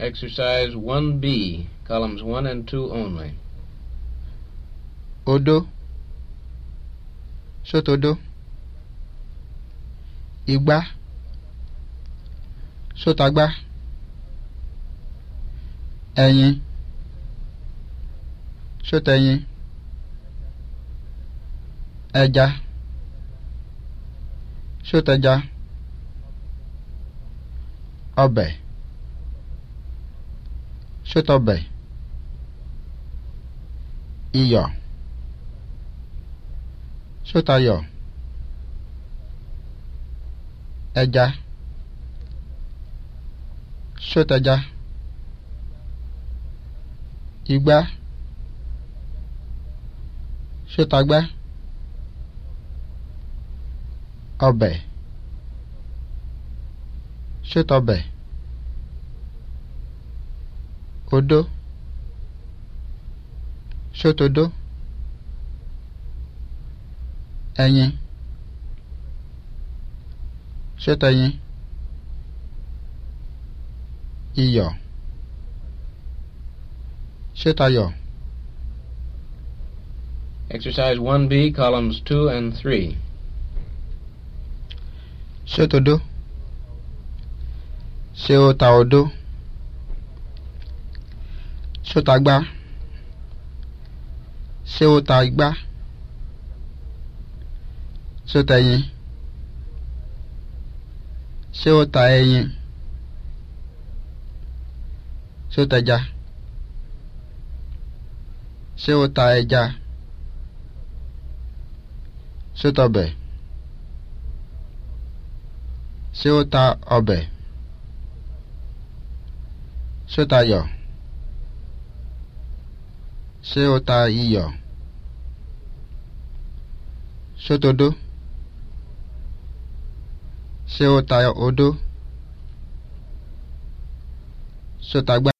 Exercise 1B, columns 1 and 2 only. Odo. Sotodo. Igba. Sotagba. Ẹyin. Sotẹyin. Ẹja. Sotẹja. Ọbẹ̀. ṣé tọbẹ̀ iyọ̀ ṣé tayọ̀ ẹja ṣé tẹja igbá ṣé tagbá ọbẹ̀ ṣé tọbẹ̀. odó sótodó ẹyin sótẹyin iyọ̀ sótayọ̀. Exercise 1B, columns 2 and 3. Sótodó ṣé ó ta odó? ṣé o ta gbá ṣé o ta igbá ṣé o ta ẹyin ṣé o ta ẹyin ṣé o ta ẹja ṣé ṣé ó ta iyọ̀ ṣótodó ṣé ó ta odó ṣó